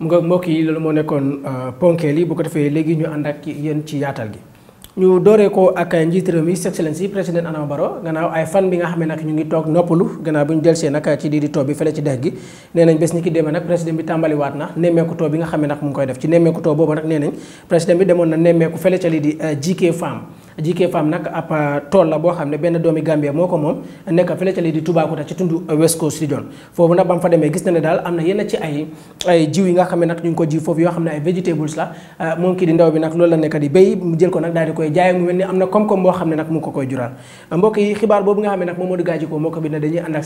mu nga mbokk yi loolu moo nekkoon euh, ponkeel yi bu ko defee léegi ñu ànd ak yéen ci yaatal gi ñu dooree ko ak njiit réew mi excellence yi président Adama Barrow gannaaw ay fan bi nga xam ne nag ñu ngi toog lu gannaaw bu ñu delsee nag ci di di too bi fële ci dex gi nee nañ bés ni ki demee nag président bi tàmbaliwaat na nemmeeku too bi nga xam ne nag mu ngi koy def ci nemmeeku too boobu nag nee nañ président bi demoon na nemmeeku fële ca JK Farm nag ab ah, tool la boo xam ne benn doomi Gambia moo ko moom nekk fële lii di Toubacouta ci tundu ah, West Coast foofu nag ba fa demee gis na ne daal am na yenn ci ay ay jiw yi nga xam ne nag ñu ngi ko jiw foofu yoo xam ne ay vegetables la ah, moom kii di ndaw bi nag loolu la nekk di béy jël ko nag daal di koy jaay mu mel ni am na koom-koom boo xam ne nag mu ngi ko koy jural mbokk yi xibaar boobu nga xam ne nag Momodou moo ko bind dañuy ànd ak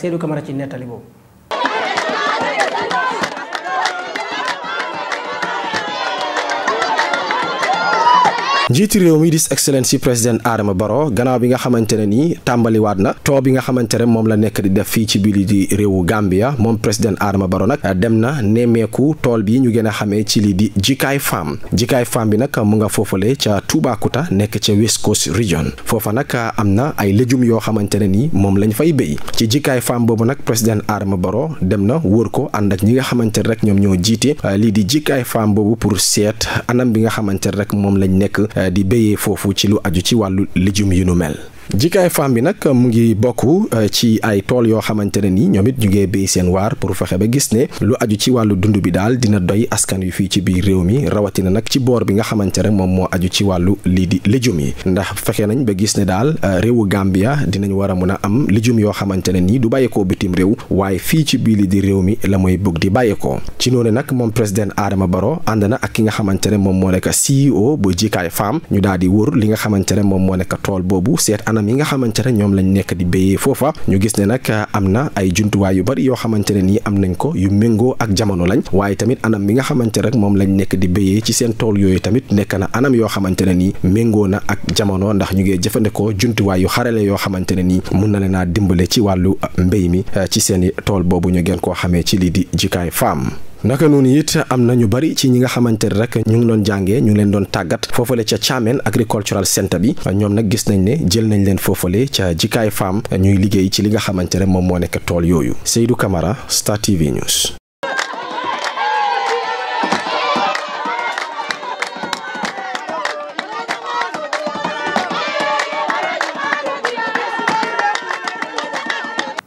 njiiti réew mi dis excellence si président Adama Barrow gannaaw bi nga xamante ne nii tàmbaliwaat na too bi nga xamante ne moom la nekk di def fii ci biir di réewu Gambia moom président Adama Barrow nag dem na nemmeeku tool bi ñu gën a xamee ci lii di Jikaay Farm Jikaay Farm bi nag mu nga foofale ca Toubacouta nekk ca West Coast Region foofa nag am na ay légumes yoo xamante ne nii moom lañ fay béy ci Jikaay Farm boobu nag président Adama Barrow dem na wër ko ànd ak ñi nga xamante ne rek ñoom ñoo jiite lii di Jikaay Farm boobu pour seet anam bi nga xamante ne rek moom lañ nekk di béyee foofu ci lu aju ci wàllu lijum yu nu mel. Jikaay Femme bi nag mu ngi bokk euh, ci ay tool yoo xamante ne ni ñoom it jugee ngee seen waar pour fexe ba gis ne lu aju ci wàllu dund bi daal dina doy askan yu fii ci biir réew mi rawatina nag ci boor bi nga xamante rek moom moo aju ci wàllu lii di lijum yi ndax fexe nañ ba gis ne daal euh, réewu Gambia dinañ war a mun a am lijum yoo xamante ne nii du bàyyeekoo bitim réew waaye fii ci di réew mi la mooy bëgg di bàyyeekoo ci noonu nag moom président Adama Barrow ànd na ak ki nga xamante ne moom moo nekk CEO bu Jikaay Femme ñu daal di wër li nga xamante ne moom moo nekk tool boobu seet anam anam yi nga xamante ne ñoom lañ nekk di béyee foofa ñu gis ne nag eh, am na ay jumtuwaay yu bari yoo xamante ne nii am nañ ko yu méngoo ak jamono lañ waaye tamit anam bi nga xamante rek moom lañ nekk di béyee ci seen tool yooyu tamit nekk na anam yoo xamante ne nii méngoo na ak jamono ndax ñu ngi jëfandikoo jumtuwaay yu xarale yoo xamante ne nii mun na leen naa dimbale ci wàllu eh, mbéy mi eh, ci seen tool boobu ñu gën koo xamee ci lii di Jikaay Farm naka noonu it am na ñu bari ci ñi nga xamante ne rek ñu ngi doon jàngee ñu leen doon tàggat foofale ca Thiamène agricultural centre bi ñoom nag gis nañ ne jël nañ leen foofale ca Jikaay Farm ñuy liggéey ci li nga xamante ne moom moo nekk tool yooyu Seydou kamara Star TV News.